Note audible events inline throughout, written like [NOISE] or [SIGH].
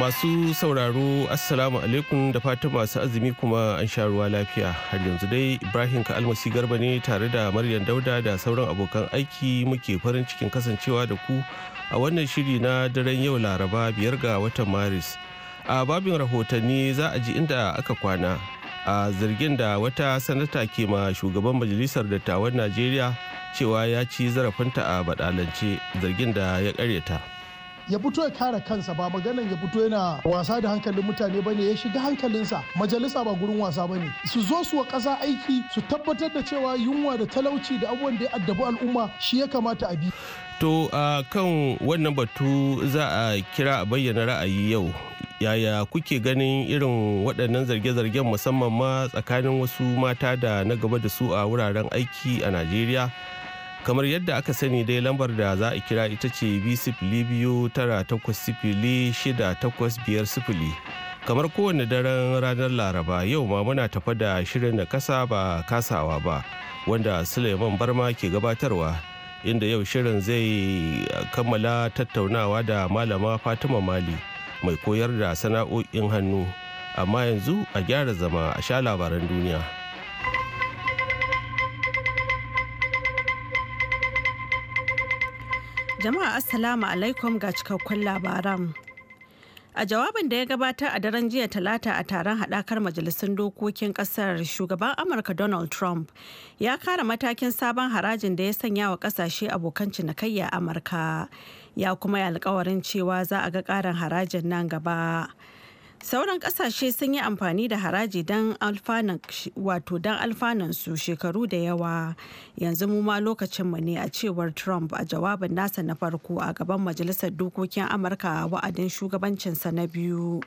Masu sauraro Assalamu alaikum da fatan masu azumi kuma an sha ruwa lafiya. Har yanzu dai Ibrahim Ka'almasi Garba ne tare da Maryam Dauda da sauran abokan aiki muke farin cikin kasancewa da ku a wannan shiri na daren yau Laraba biyar ga watan Maris. A babin rahotanni za a ji inda aka kwana a zargin da wata sanata ke ma shugaban majalisar dattawan Najeriya cewa ya ci zarafinta a baɗalance zargin da ya karyata. ya fito ya kare kansa ba maganan ya fito yana wasa da hankalin mutane bane ya shiga hankalinsa majalisa ba gurin wasa bane su zo su wa kasa aiki su tabbatar da cewa yunwa da talauci da abubuwan da ya addabi al'umma shi ya kamata a bi To a kan wannan batu za a kira a bayyana ra'ayi yau. Yaya kuke ganin irin waɗannan zarge-zargen musamman ma tsakanin wasu mata da na gaba da su a wuraren aiki a Najeriya kamar yadda aka sani dai lambar da za a kira ita ce b kamar kowane daren ranar laraba yau ma muna tafa da shirin da kasa ba kasawa ba wanda suleiman barma ke gabatarwa inda yau shirin zai kammala tattaunawa da malama fatima mali mai koyar da sana'o'in hannu amma yanzu a gyara zama a sha labaran duniya. Jama'a Assalamu alaikum ga cikakkun labaran. A jawabin da ya gabatar a daren jiya talata a taron haɗakar majalisun dokokin ƙasar shugaban Amurka Donald Trump ya kara matakin sabon harajin da ya sanya wa ƙasashe abokan cinikayya Amurka ya kuma yi alkawarin cewa za a ga ƙarin harajin nan gaba. sauran kasashe sun yi amfani da haraji don alfanan su shekaru da yawa yanzu mu ma lokacin mu ne a cewar trump a jawabin nasa na farko a gaban majalisar dokokin amurka wa'adin shugabancinsa na biyu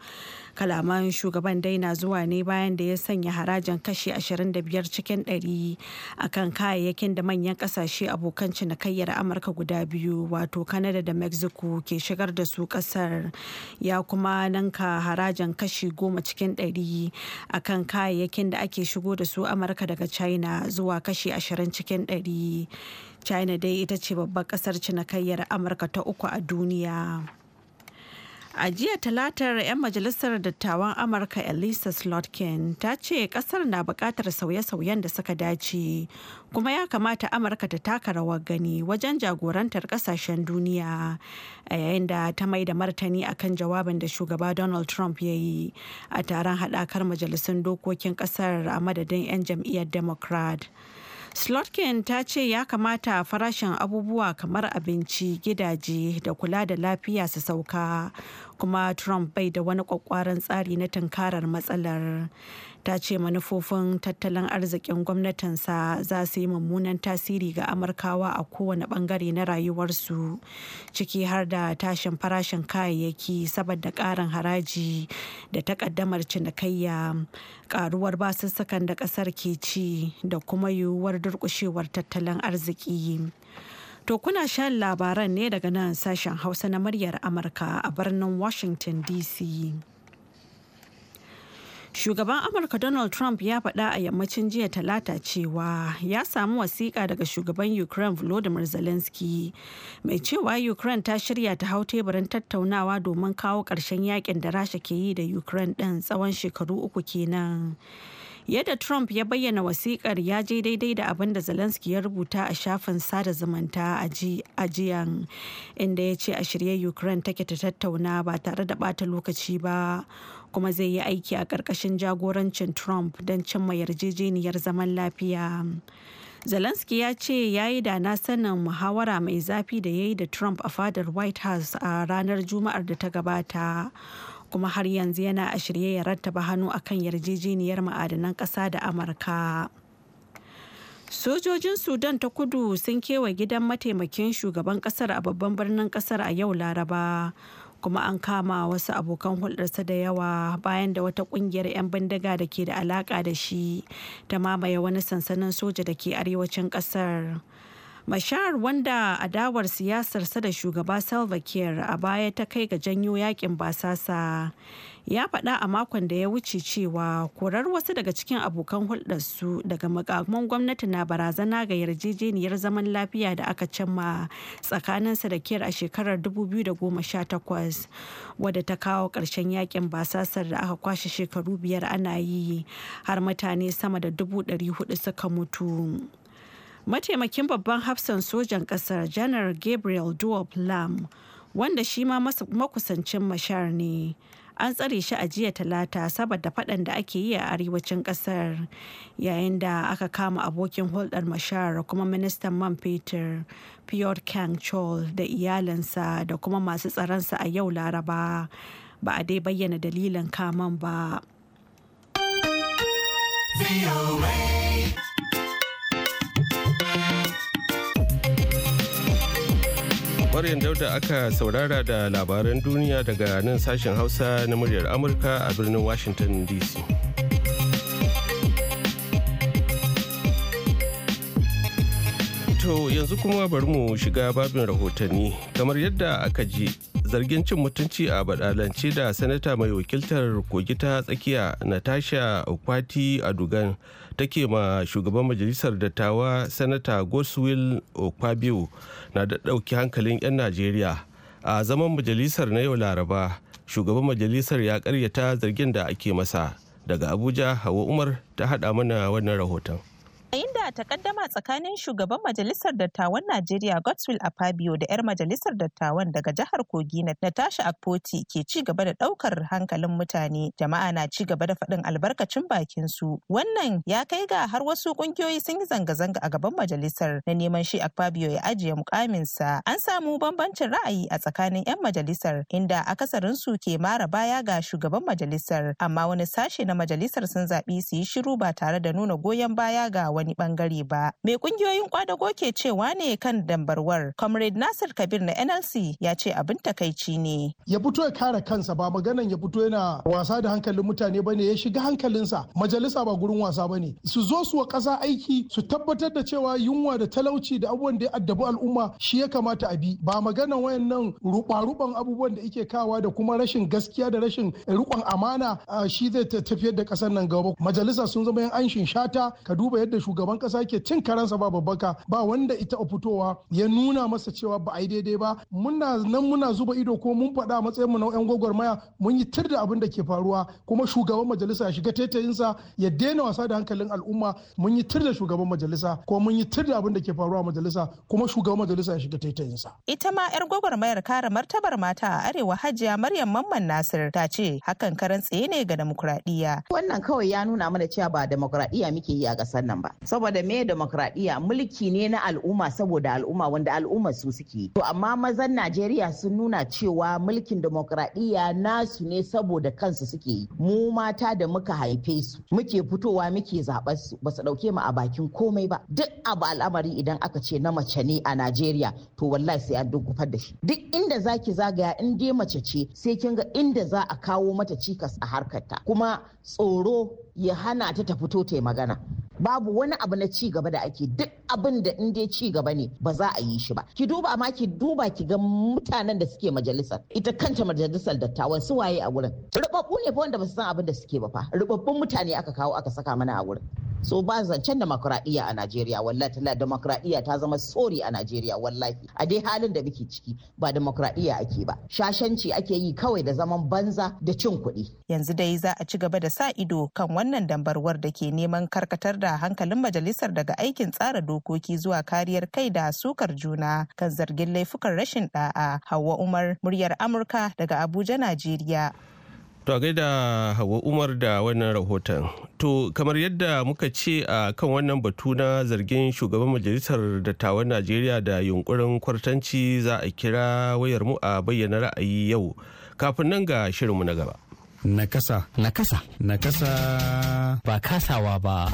kalaman shugaban dai na zuwa ne bayan da ya sanya harajin kashi 25 cikin 100 akan kayayyakin da manyan kasashe abokan cinikayyar amurka guda biyu wato kanada da mexico ke shigar da su kasar ya kuma nanka harajin kashi 10 cikin 100 akan kayayyakin da ake shigo da su amurka daga china zuwa kashi 20 cikin 100 china dai ita ce babbar kasar cinikayyar amurka ta uku a duniya A jiya talatar 'yan majalisar dattawan Amurka Elisa Slotkin ta ce kasar na bukatar sauye-sauyen da suka dace kuma ya kamata Amurka ta taka rawar gani wajen jagorantar kasashen duniya a yayin da ta mai da martani akan jawabin da shugaba Donald Trump ya yi a taron haɗakar majalisun dokokin kasar a madadin 'yan jam'iyyar Democrat. Slotkin ta ce ya kamata farashin abubuwa kamar abinci, gidaje da kula da lafiya su sauka, kuma Trump bai da wani kwakwaran tsari na tunkarar matsalar. ta ce manufofin tattalin arzikin gwamnatinsa za su yi mummunan tasiri ga amurkawa a kowane bangare na rayuwarsu ciki har da tashin farashin kayayyaki saboda karin haraji da takaddamar cinikayya karuwar basussukan da kasar ke ci da kuma yiwuwar durkushewar tattalin arziki To kuna shan labaran ne daga nan sashen Hausa na muryar Amurka a birnin Washington DC. Shugaban Amurka Donald Trump ya faɗa a yammacin jiya talata cewa ya samu wasiƙa daga shugaban Ukraine Volodymyr Zelensky mai cewa Ukraine ta shirya ta hau teburin tattaunawa domin kawo ƙarshen yakin da Rasha ke yi da Ukraine ɗin tsawon shekaru uku kenan. Yadda Trump ya bayyana wasiƙar ya je daidai da abin da Zelensky ya rubuta a shafin sada zumunta a jiyan inda ya ce a shirye Ukraine take ta tattauna ba tare da ɓata lokaci ba. kuma zai yi aiki a ƙarƙashin jagorancin Trump don cimma yarjejeniyar zaman lafiya. Zelensky ya ce ya yi da na sanin muhawara mai zafi da ya yi da Trump a fadar White House a ranar Juma'ar da ta gabata. kuma har yanzu yana a shirye ya rattaba hannu akan yarjejeniyar ma'adanan ƙasa da Amurka. Sojojin Sudan ta kudu sun kewa gidan mataimakin shugaban ƙasar a babban birnin ƙasar a yau Laraba. kuma an kama wasu abokan hulɗarsa da yawa bayan da wata ƙungiyar 'yan bindiga da ke da alaƙa da shi ta mamaye wani sansanin soja da ke arewacin ƙasar. Bashar wanda adawar siyasarsa da shugaba Salva Kiir a baya ta kai ga janyo yakin basasa ya faɗa a makon da ya wuce cewa korar wasu daga cikin abokan hulɗarsu daga makaman gwamnati na barazana ga yarjejeniyar zaman lafiya da aka cimma tsakaninsa da kiyar a shekarar 2018 wadda ta kawo ƙarshen yakin basasar da aka kwashe shekaru biyar ana yi har mutane sama da 400 suka mutu. mataimakin babban hafsan sojan Ƙasar, janar gabriel duop lam wanda shi ma makusancin mashar ne an tsare shi a jiya talata saboda faɗan da ake yi a arewacin ƙasar yayin da aka kama abokin hulɗar mashar kuma ministan man Peter, pior kang chol da iyalinsa da kuma masu tsaronsa a yau laraba ba a dai bayyana dalilin kaman ba. Maryam Dauda aka saurara da labaran duniya daga nan sashen Hausa na muryar Amurka a birnin Washington DC. To yanzu kuma bari mu shiga babin rahotanni kamar yadda aka ji zargin cin mutunci a badalance da sanata mai wakiltar kogi ta tsakiya natasha okwati adugan take ma shugaban majalisar dattawa sanata goswil okwabio na da ɗauki hankalin 'yan najeriya a zaman majalisar na yau laraba shugaban majalisar ya karyata zargin da ake masa daga abuja hawa umar ta haɗa mana wannan rahoton yayin da takaddama tsakanin shugaban majalisar dattawan Najeriya Godswill Apabio, da 'yar majalisar dattawan daga jihar Kogi na Natasha Akpoti ke ci gaba da daukar hankalin mutane jama'a na ci gaba da faɗin albarkacin bakin su wannan ya kai ga har wasu kungiyoyi sun yi zanga-zanga a gaban majalisar na neman shi Akpabio ya ajiye mukamin sa an samu bambancin ra'ayi a tsakanin 'yan majalisar inda akasarin su ke mara baya ga shugaban majalisar amma wani sashe na majalisar sun zaɓi su yi shiru ba tare da nuna goyon baya ga wani wani bangare ba. Mai kungiyoyin kwadago ke cewa ne kan dambarwar. Comrade Nasir Kabir na NLC ya ce abin takaici ne. Ya fito ya kare kansa ba maganan ya fito yana wasa da hankalin mutane ba ne ya shiga hankalinsa majalisa ba gurin wasa ba ne. Su zo su wa kasa aiki su tabbatar da cewa yunwa da talauci da abubuwan da ya addabi al'umma shi ya kamata a bi ba maganan wayannan ruɓa-ruɓan abubuwan da ike kawa da kuma rashin gaskiya da rashin rikon amana shi zai tafiyar da ƙasar nan gaba. Majalisa sun zama yan anshin shata ka duba yadda shugaban kasa ke cin karansa ba babbaka ba wanda ita a fitowa ya nuna masa cewa ba a yi daidai ba muna nan muna zuba ido ko mun faɗa matsayin mu na yan gwagwarmaya mun yi tir da abin da ke faruwa kuma shugaban majalisa ya shiga taitayinsa ya daina wasa da hankalin al'umma mun yi tir da shugaban majalisa ko mun yi tir da abin da ke faruwa a majalisa kuma shugaban majalisa ya shiga taitayinsa ita ma yar gwagwarmayar kare martabar mata a arewa hajiya maryam mamman nasir ta ce hakan karan tsaye ne ga demokuraɗiyya wannan kawai ya nuna mana cewa ba demokuraɗiyya muke yi a kasar nan ba saboda me demokradiyya mulki ne na al'umma saboda al'umma wanda al'umma su suke to amma mazan najeriya sun nuna cewa mulkin demokradiyya nasu ne saboda kansu suke yi mu mata da muka haife su muke fitowa muke zaɓar su ba su ɗauke mu a bakin komai ba duk abu al'amari idan aka ce na mace ne a najeriya to wallahi sai an dukufar da shi duk inda zaki zagaya in dai mace ce sai kin ga inda za a kawo mata cikas a harkarta kuma tsoro ya hana ta ta fito ta magana babu wani abu na ci gaba da ake duk abin da in dai ci gaba ne ba za a yi shi ba ki duba ma ki duba ki ga mutanen da suke majalisar ita kanta majalisar dattawan su waye a wurin rubabbu ne fa wanda ba su san abin da suke ba fa rubabbun mutane aka kawo aka saka mana a wurin so ba zancen demokradiyya a Najeriya wallahi ta demokradiyya ta zama sori a Najeriya wallahi a dai halin da muke ciki ba demokradiyya ake ba shashanci ake yi kawai da zaman banza da cin kuɗi yanzu dai za a ci gaba da sa ido kan wannan. wannan dambarwar da ke neman karkatar da hankalin majalisar daga aikin tsara dokoki zuwa kariyar kai da sukar juna kan zargin laifukan rashin da'a hawa umar muryar amurka daga abuja najeriya To gaida Hawa Umar da wannan rahoton. To kamar yadda muka ce a kan wannan batu na zargin shugaban majalisar dattawan Najeriya da yunkurin kwartanci za a kira wayar mu a bayyana ra'ayi yau. Kafin nan ga shirinmu na gaba. Nakasa. Nakasa. Nakasa. Ba kasawa ba.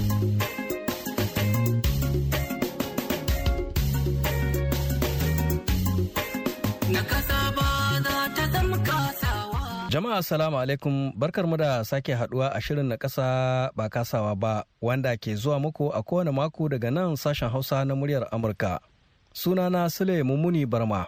Jama'a salamu alaikum barkarmu da sake haduwa a shirin na kasa ba kasawa ba wanda ke zuwa muku a kowane mako daga nan sashen hausa na muryar Amurka. Sunana Sule Mumuni Barma.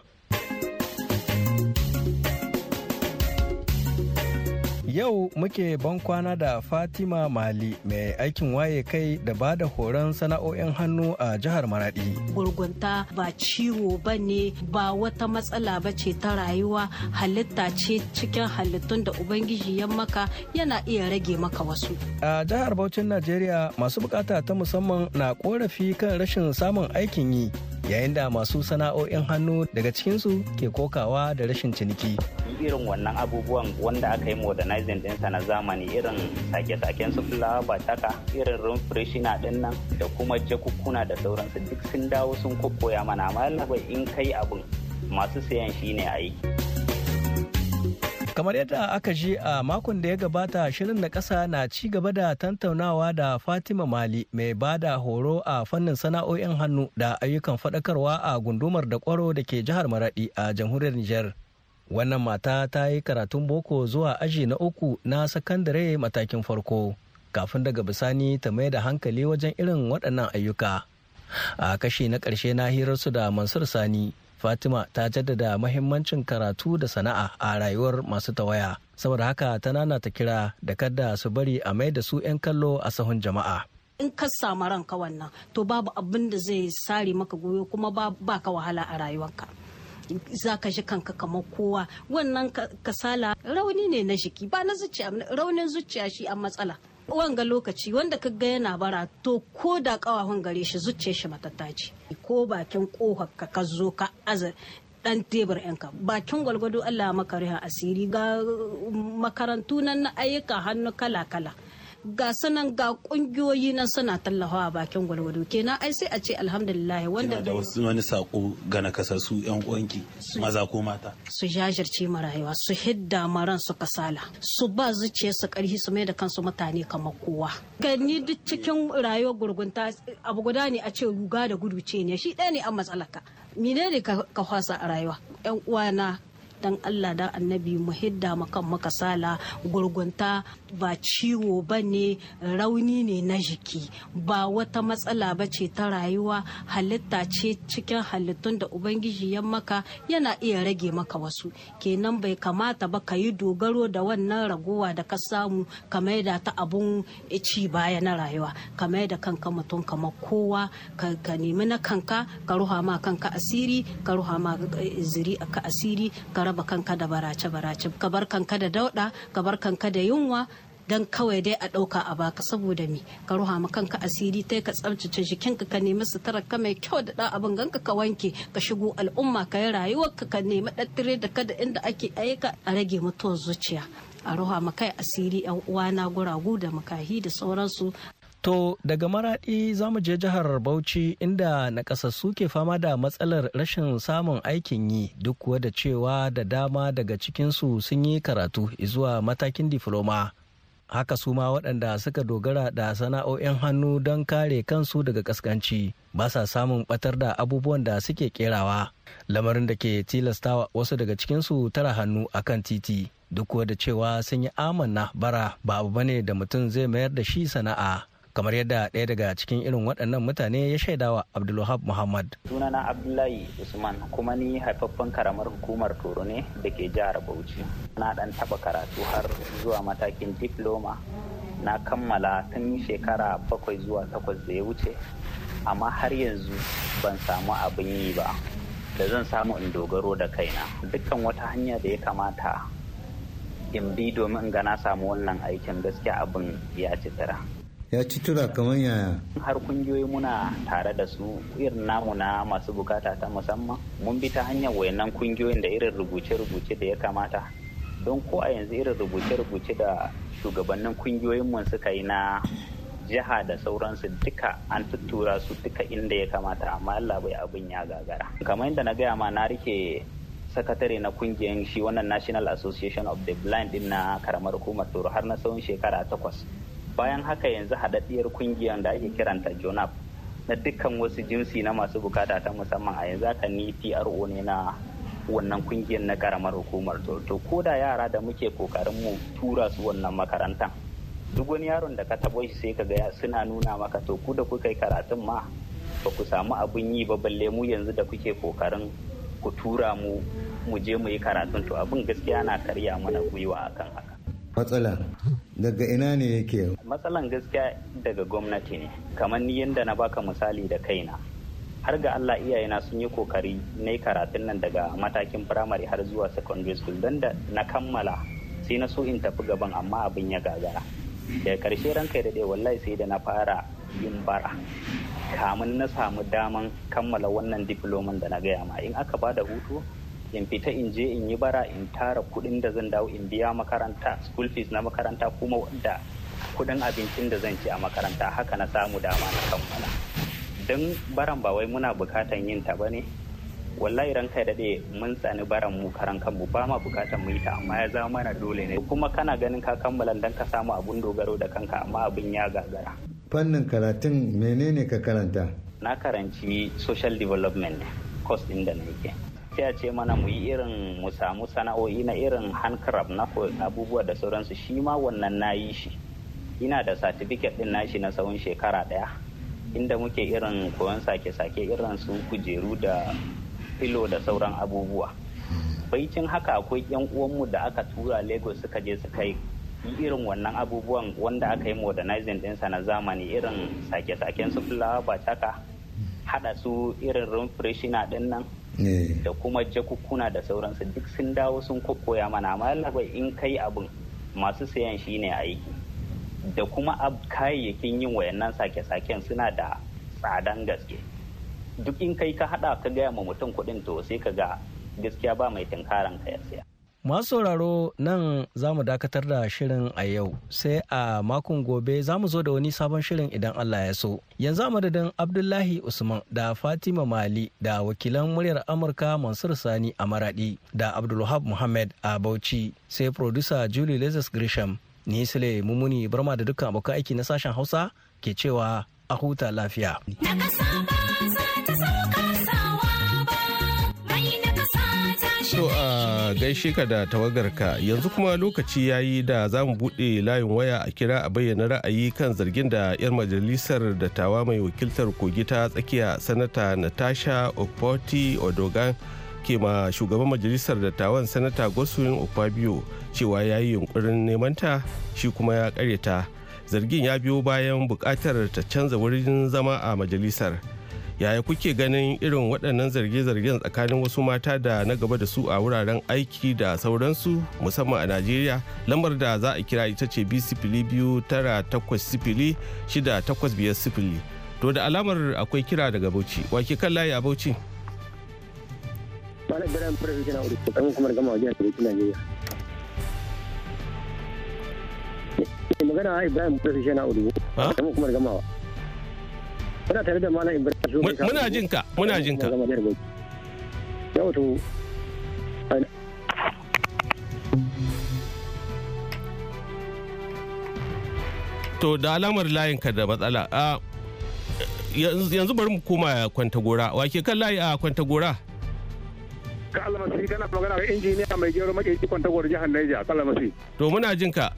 Yau muke ban kwana da Fatima Mali mai aikin waye kai da ba da horon sana'o'in hannu a jihar Maradi. Gurgunta ba ciwo ba ne ba wata matsala ba ce ta rayuwa halitta ce cikin halittun da Ubangiji ya maka yana iya rage maka wasu. A jihar Bauchin Najeriya masu bukata ta musamman na korafi kan rashin samun aikin yi yayin da masu sana'o'in hannu daga cikinsu ke kokawa da rashin ciniki. irin wannan abubuwan wanda aka yi modernizing dinsa na zamani irin sake-saken su fulawa ba taka irin rum freshener din nan da kuma jakukuna da sauransu duk sun dawo sun koya mana amma in kai abin masu sayan shine aiki. kamar yadda aka je a makon da ya gabata shirin na ƙasa na ci gaba da tantaunawa da fatima mali mai ba da horo a fannin sana'o'in hannu da ayyukan faɗakarwa a gundumar da kwaro da ke jihar maradi a jamhuriyar niger. wannan mata ta yi karatun boko zuwa aji na uku na sakandare matakin farko kafin daga bisani ta mai da hankali wajen irin waɗannan ayyuka a kashi na ƙarshe na hirarsu da mansur sani Fatima ta jaddada mahimmancin karatu da sana'a a rayuwar masu tawaya. Saboda haka ta ta kira da kadda su bari a mai da su 'yan kallo a sahun jama'a. in ka samu ranka wannan to babu abin da zai sare maka goyo kuma ba ka wahala a rayuwarka za ka shi kanka kamar kowa wannan kasala rauni ne na shiki ba na zuciya raunin zuciya shi an matsala wanga lokaci wanda ka ga yana bara to ko da kawahun gare shi zuce shi matattaci ko bakin kohar ka ka zo ka aza dan tebur yanka bakin gwalgwado Allah maka asiri ga makarantu nan na ayyuka hannu kala kala ga sanan ga kungiyoyi nan suna tallafawa bakin gwalgwado kenan ai sai a ce alhamdulillah wanda da wasu wani sako ga nakasassu yan uwanki maza ko mata su jajirce ma rayuwa su hidda maran su kasala su ba zuciya su karhi su mai da kansu mutane kamar kowa gani duk cikin rayuwar gurgunta abu guda ne a ce ruga da gudu ce ne shi ɗaya ne an matsalaka mine ne ka fasa a rayuwa yan uwana dan Allah da annabi mu hidda makan makasala gurgunta ba ciwo ba ne rauni ne na jiki ba wata matsala ba ce ta rayuwa halitta ce cikin halittun da ubangiji ya maka yana iya rage maka wasu kenan bai kamata ba ka yi dogaro da wannan ragowa da ka samu ka maida ta abun ci baya na rayuwa ka maida kanka mutum kama kowa ka nemi na kanka ka ruha ma kanka asiri ka ruha ma eh, ziri ka asiri ka raba kanka da barace barace ka bar kanka da dauda ka bar kanka da yunwa don kawai dai a ɗauka a baka saboda me ka ruha ma kanka asiri tai ka tsabtace jikinka ka nemi sutura ka mai kyau da ɗan abin ganka ka wanke ka shigo al'umma ka yi rayuwarka ka nemi ɗattire da ka da inda ake aika a rage mutuwar zuciya a ruha ma kai asiri yan uwana guragu da makahi da sauransu To daga maraɗi za mu je jihar Bauchi inda nakasassu ke fama da matsalar rashin samun aikin yi duk kuwa da cewa da dama daga cikinsu sun yi karatu zuwa matakin difloma haka su ma waɗanda suka dogara da sana'o'in hannu don kare kansu daga kaskanci ba sa samun ɓatar da abubuwan da suke kerawa lamarin da ke tilastawa wasu daga cikinsu tara hannu a kan titi duk da cewa sun yi amanna bara ba abu bane da mutum zai mayar da shi sana'a kamar yadda ɗaya daga cikin irin waɗannan mutane ya shaidawa abdulwahab muhammad sunana abdullahi usman kuma ni haifaffen karamar hukumar toro ne da ke jihar bauchi na ɗan taɓa karatu har zuwa matakin diploma na kammala tun shekara bakwai zuwa takwas da ya wuce amma har yanzu ban samu abin yi ba da zan samu in dogaro da kaina dukkan wata hanya da ya kamata in bi domin in ga na samu wannan aikin gaskiya abin ya ci tara ya ci tura kamar yaya har kungiyoyi muna tare da su irin namu na masu bukata ta musamman mun bi ta hanyar wayannan kungiyoyin da irin rubuce-rubuce da ya kamata don ko a yanzu irin rubuce-rubuce da shugabannin kungiyoyin mun suka yi na jiha da sauransu duka an tuttura su duka inda ya kamata amma Allah bai abin ya gagara kamar yadda na gaya ma na rike sakatare na kungiyar shi wannan national association of the blind din na karamar hukumar toro har na tsawon shekara takwas bayan haka yanzu haɗaɗɗiyar kungiyar da ake kiranta jonap na dukkan wasu jinsi na masu bukata ta musamman a yanzu haka ni pro ne na wannan kungiyar na karamar hukumar to ko da yara da muke kokarin mu tura su wannan makarantan duk wani yaron da ka tabo shi sai ka ga suna nuna maka to ku da kuka yi karatun ma ba ku samu abin yi ba balle mu yanzu da kuke kokarin ku tura mu mu je mu yi karatun to abin gaskiya na karya mana gwiwa akan haka matsala daga ina ne yake matsalan gaskiya daga gwamnati ne kamar ni yadda na baka misali da kaina har ga Allah iyayena sun yi kokari na yi karatun nan daga matakin firamare har zuwa secondary school don da na kammala sai na so in tafi gaban amma abin ya gagara daga karshe ranka da daɗe wallahi sai da na fara yin bara kamun na samu daman kammala wannan diploman da na gaya ma in aka ba da hutu in fita in je in yi bara in tara kuɗin da zan dawo in biya makaranta school fees na makaranta kuma da kuɗin abincin da zan ci a makaranta haka na samu dama na kammala don baran ba wai muna bukatan yin ta bane wallahi ranka daɗe mun tsani baran mu karan kanmu ba ma bukatan mu yi ta amma ya zama mana dole ne kuma kana ganin ka kammala dan ka samu abun dogaro da kanka amma abin ya gagara fannin karatun menene ka karanta na karanci social development course din da na ke. sai ce mana mu yi irin mu samu sana'o'i na irin handcraft na abubuwa da sauransu shi ma wannan na yi shi ina da satifiket din nashi na tsawon shekara daya inda muke irin koyon sake-sake irin sun kujeru da filo da sauran abubuwa baicin haka akwai yan uwanmu da aka tura lagos suka je suka yi irin wannan abubuwan wanda aka yi modernizing dinsa na zamani irin sake-saken su fulawa ba hada su irin room din nan Eh. da kuma jakukkuna da sauransu duk sun dawo sun kokoya mana amma labai in kai abin masu sayan shi ne aiki da kuma kayayyakin yin wayannan sake-saken suna da tsadan gaske duk in kai ka hada ka gaya ma mutum kuɗin to sai ka ga gaskiya ba mai tinkaran ka ya siya Masu sauraro nan za mu dakatar da shirin a yau sai a makon gobe za mu zo da wani sabon shirin idan Allah ya so. Yanzu a madadin Abdullahi Usman da Fatima Mali da wakilan muryar Amurka Mansur Sani a Maradi da Abdulhab Muhammad a Bauchi sai producer Julie Lazarus Grisham ni Sule Mumuni Barma da dukkan abokan aiki na sashen Hausa ke cewa a huta lafiya. gaishe ka da tawagarka yanzu kuma lokaci ya yi da za mu buɗe layin waya a kira a bayyana ra'ayi kan zargin da 'yar majalisar dattawa mai wakiltar kogi ta tsakiya sanata natasha okpoti odogan ke ma shugaban majalisar dattawan sanata goswin okpabio cewa ya yi yunkurin neman ta shi kuma ya ta zargin ya biyo bayan buƙatar ta canza wurin zama a majalisar yaya kuke ganin irin waɗannan zarge-zargen tsakanin wasu mata da na gaba da su a wuraren aiki da sauransu musamman a najeriya lambar da za a kira ita ce fili biyu tara takwas sifili shida takwas biyar sifili to da alamar akwai kira daga bauchi wake kan layi a bauchi magana ibrahim kuma gamawa Muna tare da Malam Ibrahim. Muna jin ka, muna jin ka. Yau to da alamar layin ka da matsala. Yanzu bari mu koma kwantagora. Wake kan layi a kwanta gora? Ka almasi kana magana ga injiniya mai gero kwanta gora jihar Niger. Ka almasi. To muna jin ka.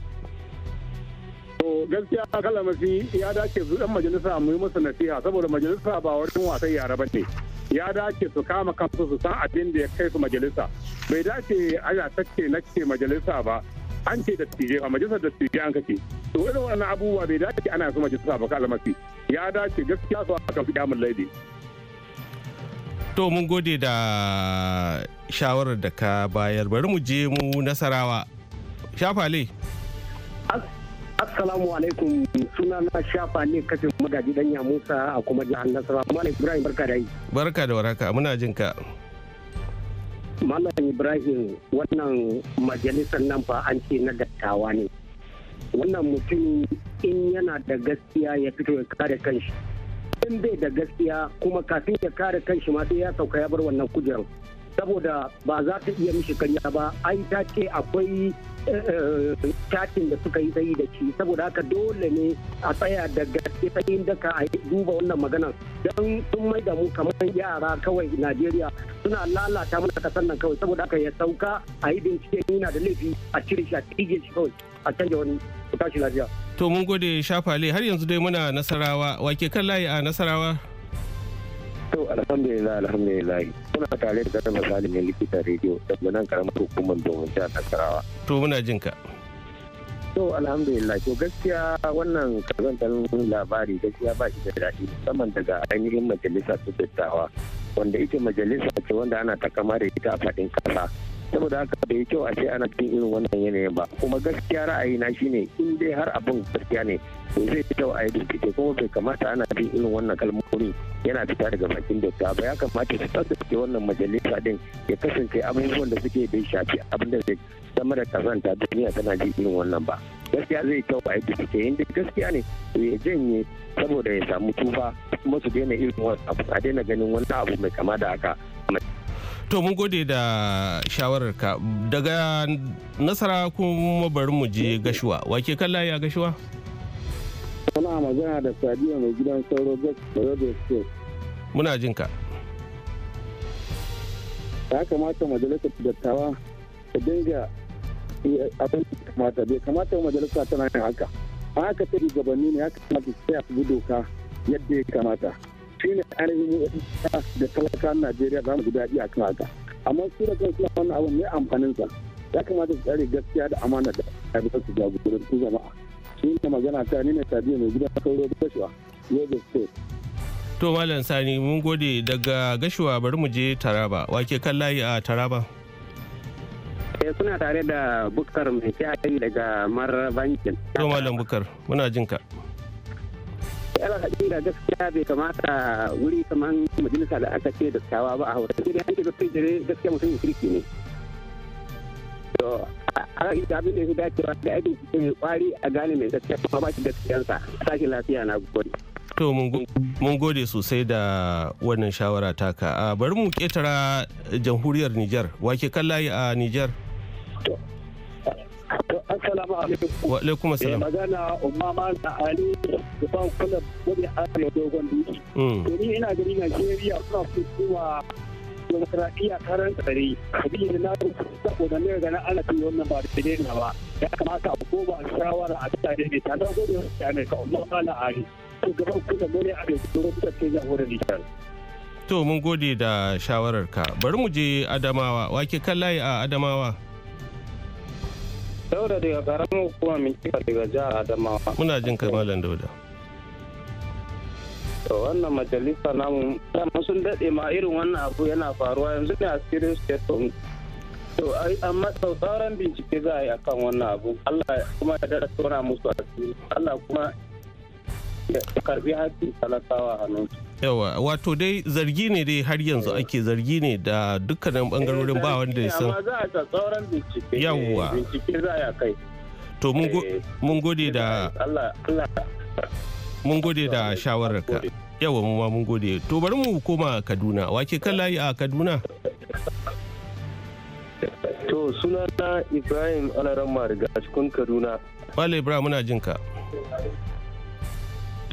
To gaskiya kalamasi ya dace su dan majalisa mu yi musu nasiha saboda majalisa ba wurin wasan yara ba ne. Ya dace su kama kansu su san abin da ya kai su majalisa. Bai dace ana tacce nake majalisa ba. An ce da tije a majalisar da tije an kake To irin wannan abubuwa bai dace ana su majalisa ba mafi Ya dace gaskiya su aka fi kyamun laidi. To mun gode da shawarar da ka bayar bari mu je mu nasarawa. Shafale. Assalamu alaikum suna na shafa ne kashe magaji dan ya Musa a kuma jihar nasara. Malam Ibrahim barka da yi. Barka da waraka muna jin ka. Malam Ibrahim wannan majalisar nan fa an ce na dattawa ne. Wannan mutum in yana da gaskiya ya fito ya kare kanshi. In bai da gaskiya kuma kafin ya kare kanshi ma sai ya sauka ya bar wannan kujerar. saboda ba za ta iya mishi karya ba ai ta ce akwai eh, eh, chatin da suka yi tsayi da shi saboda haka dole ne a tsaya da gaske tsayin daka a duba wannan magana don sun mai da mu kamar yara kawai najeriya suna lalata mana kasar nan kawai saboda haka ya sauka a yi bincike yana da laifi a cire shi a tsige shi kawai a canja wani tashi lafiya. to mun gode shafale har yanzu dai muna nasarawa wake kan layi a nasarawa. To alhamdulillah alhamdulillah kuna tare da karamar salimin likitan rediyo kuma nan karamar hukumar domin jihar Nasarawa. To muna jin ka. to alhamdulillah to gaskiya wannan kazantar labari gaskiya ba shi da daɗi musamman daga ainihin majalisa ta dattawa wanda ita majalisa ce wanda ana takama da ita a faɗin kasa saboda haka bai kyau a ce ana cikin irin wannan yanayin ba kuma gaskiya ra'ayi na shine in dai har abin gaskiya ne to zai kyau a yi diskite kuma bai kamata ana cikin irin wannan kalmomin yana fita daga bakin dokta ba ya kamata su tsaftace wannan majalisa din ya kasance abubuwan da suke bai shafi abin da zai zama da kazanta duniya tana ji irin wannan ba gaskiya zai kyau a yi in dai gaskiya ne to ya janye saboda ya samu tufa kuma su daina irin wannan abu a daina ganin wani abu mai kama da haka to mun gode da shawararka daga nasara kuma bari mu je gashuwa wake kalla ya gashuwa Muna magana da Sadiya mai gidan sauro Rodo State. Muna jin ka. Ya kamata majalisar dattawa ta dinga abin da kamata bai kamata majalisa tana yin haka. Haka ta gabanni ne ya kamata su tsaya su bi doka yadda ya kamata. shi ne ainihin da talakan najeriya za mu daɗi a kan haka amma su da kansu wannan abin ne amfaninsa ya kamata su tsare gaskiya da amana da abin su jagorantu jama'a shi ne magana ta ni ne sadiya mai gida sauro gashuwa yau state to malam sani mun gode daga gashuwa bari mu je taraba wake kan layi a taraba eh suna tare da bukar mai kyayi daga marar bankin to malam bukar muna jinka ka ala da gaskiya bai kamata wuri kamar majalisa da aka ce da dattawa ba a hausa sai an ce dattin jere gaskiya mutum ya kirki ne to a ita abin da ya dace dacewa da aikin mai kwari a gane mai gaskiya kuma ba shi gaskiyansa a tashi lafiya na gode To mun gode sosai da wannan shawara taka. Bari mu ketara jamhuriyar niger Wake kan layi a niger Assalamu alaikum. Wa alaikum assalam. Magana Umama da Ali da ba kula gobe Arewa dogon dutse. Mm. To ni ina gani Najeriya suna fitowa demokaradiyya karan tsare sabida na saboda ne ga ana tun wannan ba da daina ba ya kamata a koma shawara a tsare ne ta da gobe ya ne ka Umma Ala Ali. To gaban kula gobe Arewa dogon dutse ke jagorar Nijar. To mun gode da shawararka bari mu je Adamawa wake kan layi a Adamawa. Dauda daga karamin hukuma mai cika daga jihar Adamawa. Muna jin kai Malam Dauda. To wannan majalisa namu dama sun daɗe ma irin wannan abu yana faruwa yanzu ne a cikin state To amma tsauraran bincike za a yi akan wannan abu. Allah kuma ya dada tona musu asiri. Allah kuma ya karbi haƙƙin talakawa a nan. yawa wato dai zargi ne dai har yanzu eh. ake zargi ne da dukkanin bangarorin ba wanda ya eh, san yawa to eh. mun gode da mun gode da shawararka yawa mu ma mun gode to bari mu koma kaduna wake kan layi a kaduna to suna na ibrahim alaramma daga cikin kaduna Malam ibrahim muna jinka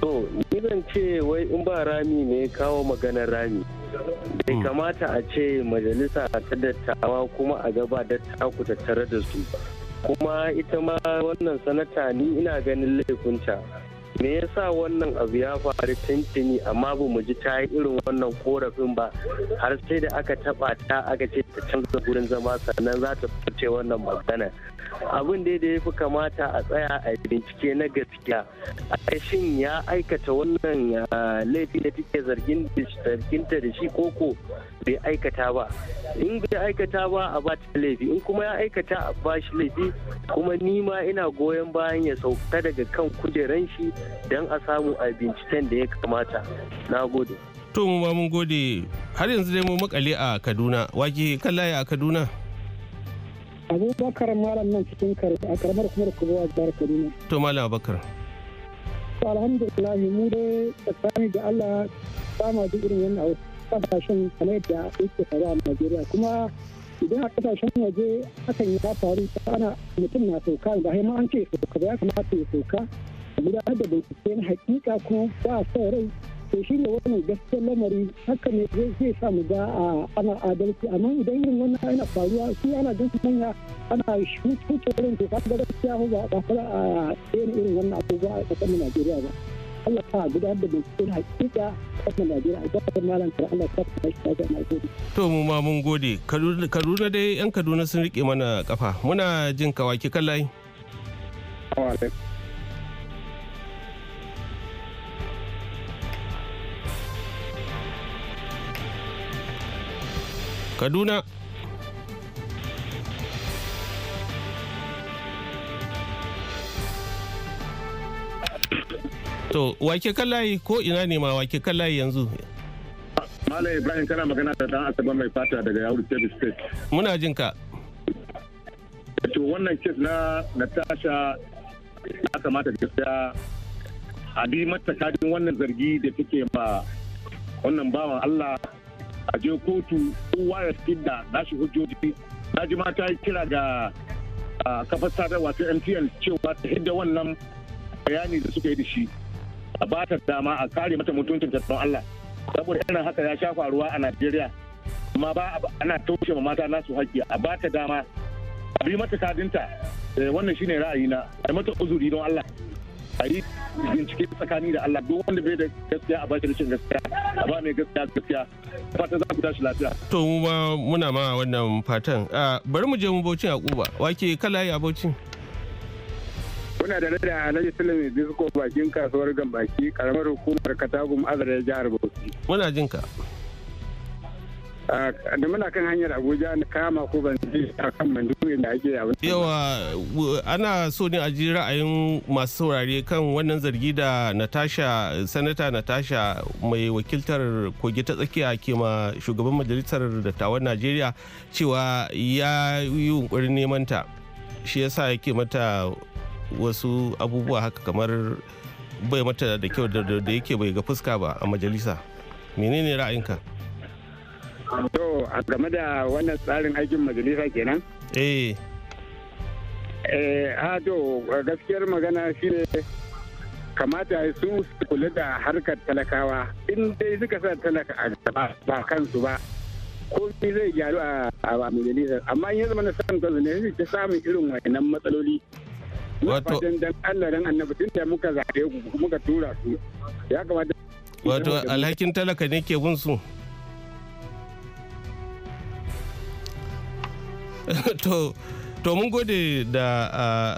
To, ni zan ce wai in ba rami ne kawo maganar rami. Bai hmm. kamata a ce majalisa ta dattawa kuma a gaba dattawa ku tattare da su. Kuma ita ma wannan sanata ni ina ganin laifinta. Me yasa wannan abu ya faru tuntuni amma ba mu ji ta yi irin wannan korafin ba har sai da aka taba ta aka ce ta canza gurin zama sannan za ta fice wannan magana. abin da ya fi kamata a tsaya a bincike na gaskiya a shin ya aikata wannan ah, laifi da take zarginta da shi koko bai aikata ba in bai aikata ba a ba ta laifi in kuma ya aikata a ba shi laifi kuma ni ma ina goyon bayan ya sauka daga kan kujeran shi don a samu a binciken da ya kamata na gode to mu ma mun gode har yanzu dai mu makale a kaduna wake kan laye a kaduna abubakar malam nan cikin kare a karamar kuma da kubuwa jihar kaduna to malam abubakar to alhamdulillah mu dai tsakani da allah sama duk irin wannan kasashen kamar yadda yake faru a najeriya kuma idan a kasashen waje hakan ya faru ana mutum na sauka ba ma an ce sauka ba ya kamata ya sauka gudanar da bincike na hakika kuma ba a sa rai to shi ne wani gaskiyar lamari haka ne zai sa mu ga ana adalci amma idan irin wannan yana faruwa su ana jin manya ana shuce irin to kaga gaskiya ba ba a irin irin wannan abubuwa a kasar Najeriya ba Allah ta gudanar da na hakika kasar Najeriya ga kasar malam kar Allah ta ta shi ta Najeriya to mu ma mun gode Kaduna dai yan Kaduna sun rike mana kafa muna jin kawaki kallai alaikum kaduna to wake kallaye ko ina ne ma wake kallaye yanzu malam ibrahim kana magana da dan asabar mai fata daga yawon service state muna jin ka to wannan kes na natasha ya kamata gaskiya a bi mata kadin wannan zargi da take ma wannan bawan allah a je kotu kowa ya fidda nashi hujjoji na ji ta yi kira ga kafar sadarwa ta mtn cewa ta hidda wannan bayani da suka yi da shi a ba ta dama a kare mata mutuncin don Allah saboda irin haka ya sha faruwa a Najeriya amma ba ana taushe ma mata nasu haƙƙi a ba ta dama a bi mata kadinta eh, wannan shine na a mata uzuri don Allah a yi bincike tsakani da Allah duk wanda bai da gaskiya a bashi rashin gaskiya a ba mai gaskiya gaskiya fata za ku tashi lafiya. To mu ma muna ma wannan fatan bari mu je mu baucin a Kuba wake kala ya baucin. Muna da da Alhaji Sulaiman Bisko bakin kasuwar Gambaki karamar hukumar Katagum Azare jihar Bauchi. Muna jinka. ka. da muna kan hanyar abuja na kama ko ban ji a kan manduri da ake yawon yawa ana so ne a ji ra'ayin masu saurare kan wannan zargi da natasha sanata natasha mai wakiltar kogi ta tsakiya ke ma shugaban majalisar dattawan najeriya cewa ya yi yunkurin neman ta shi yasa yake mata wasu abubuwa haka kamar bai mata da kyau da yake bai ga fuska ba a majalisa menene ra'ayinka To a game da wannan tsarin aikin majalisa kenan? Eh. Eh ha ah, to gaskiyar magana shine kamata su kula da harkar talakawa in dai suka sa talaka a gaba ba kansu ba komi zai gyaru a majalisa amma in ya zama na san kansu ne ta samun irin wayannan matsaloli wato dan Allah dan annabi tun da muka zabe ku muka tura su ya kamata wato alhakin talaka ne ke gunsu su [LAUGHS] to to mun gode da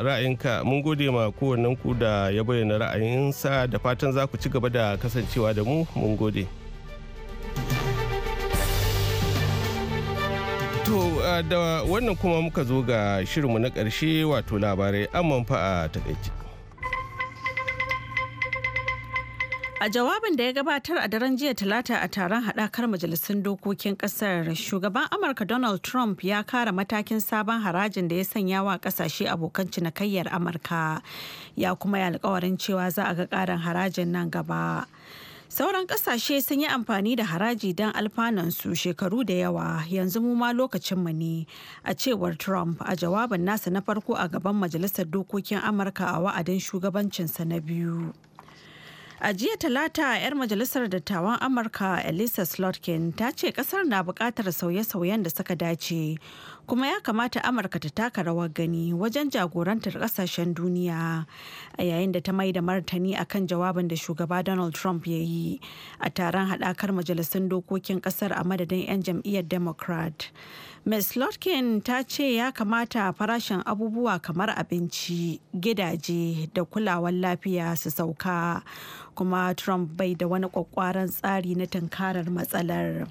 ra'ayinka mun gode ma kowannen ku da ya bayyana ra'ayinsa da fatan za ku ci gaba da kasancewa da mu mun gode to da wannan kuma muka zo ga shirinmu na ƙarshe wato labarai amman fa a takaice A jawabin da ya gabatar a daren jiya talata a taron haɗakar majalisun dokokin ƙasar, shugaban Amurka Donald Trump ya kara matakin sabon harajin da ya sanya wa ƙasashe abokan cinikayyar Amurka. Ya kuma ya alkawarin cewa za a ga ƙarin harajin nan gaba. Sauran ƙasashe sun yi amfani da haraji don alfanansu shekaru da yawa yanzu mu ma lokacinmu ne a cewar Trump a jawabin nasa na farko a gaban Majalisar Dokokin Amurka a wa'adin shugabancinsa na biyu. A jiya talata 'yar majalisar dattawan Amurka Elisa Slotkin ta ce kasar na bukatar sauye-sauyen da suka dace kuma ya kamata Amurka ta taka rawar gani wajen jagorantar kasashen duniya a yayin da ta mai da martani akan jawabin da shugaba Donald Trump ya yi a taron haɗakar majalisun dokokin kasar a madadin 'yan jam'iyyar Democrat. Ms. Lotkin ta ce ya kamata farashin abubuwa kamar abinci, gidaje da kulawar lafiya su sauka, kuma Trump bai da wani kwakwaran tsari na tunkarar matsalar.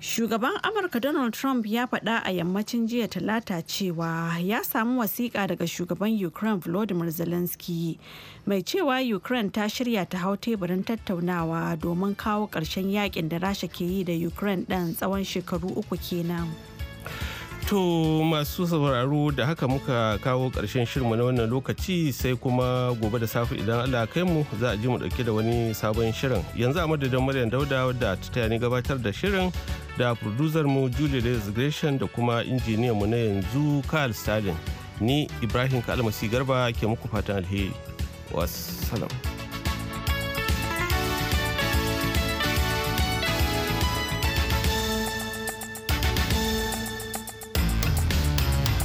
Shugaban Amurka Donald Trump ya faɗa a yammacin jiya talata cewa ya samu wasiƙa daga shugaban Ukraine Volodymyr Zelensky mai cewa Ukraine ta shirya ta hau teburin tattaunawa domin kawo ƙarshen yakin da Rasha ke yi da Ukraine ɗan tsawon shekaru uku kenan. To masu sauraro da haka muka kawo ƙarshen shirma na wannan lokaci sai kuma gobe da safe idan Allah kai mu za a ji mu ɗauke da wani sabon shirin. Yanzu a madadin Maryam Dauda da ta ni gabatar da shirin da producer mu Julie Resignation da kuma injiniyan mu na yanzu Carl Stalin. Ni Ibrahim Kalmasi Garba ke muku fatan alheri. Wassalam.